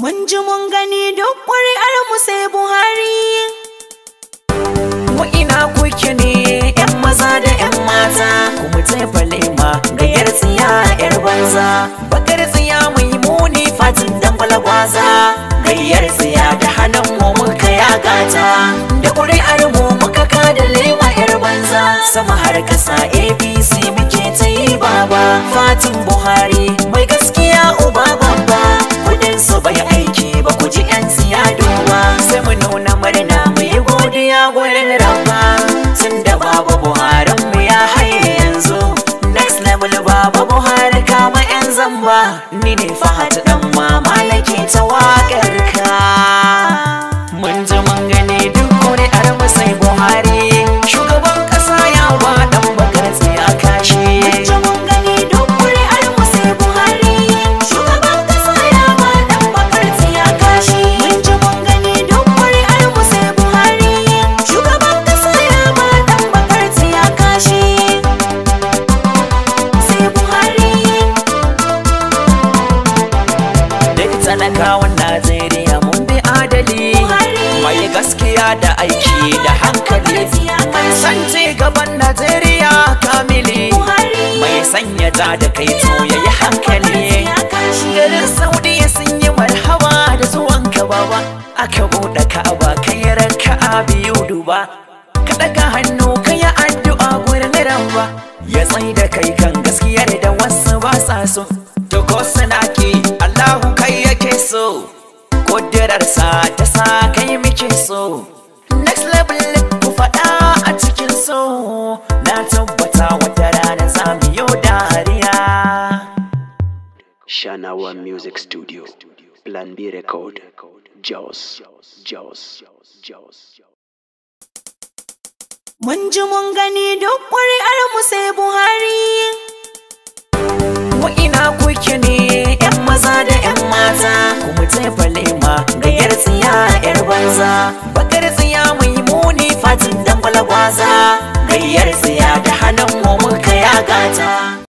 Mun ji mun gani duk ƙuri'ar mu sai Buhari. Mu ina kuke ne ‘yan maza da ‘yan mata, kuma ce lema ga ‘yar tsiya ‘yar banza. Bakar tsiya mai muni fatin dan balagwaza, yar tsiya da hannun mu mun kaya gata. Da ƙuri'ar mu muka da lema ‘yar banza, sama har kasa ABC muke ta yi baba. Fatin Buhari ni ne fahad dan mama nake ta wakar ka mun ji mun gani duk kuri'ar mu sai buhari shugaban da aiki da hankali san gaban najeriya kamili mai sanya da da kai to ya yi hankali garin saudi sun yi marhaba da zuwan baba aka buɗe ka'aba ranka a biyu duba ka ɗaga hannu ka yi addu'a gurin ramba ya tsai da kai kan gaskiyar da wasu basa sa so to ko suna ke allahu kai yake so kudirarsa ta sa kai muke so next level ku faɗa a cikin so na tabbata wata rana za mu yi dariya Shanawa Music Studio Plan B Record Jaws Jaws Jaws Mun ji mun gani duk ƙuri'ar mu sai Buhari Mu ina kuke ne 'yan maza da 'yan mata kuma lema ga yar tsiya 'yar banza baka tsiya mai muni fatin dan gwalagwaza gayyar tsiya da hannun mu muka ya gata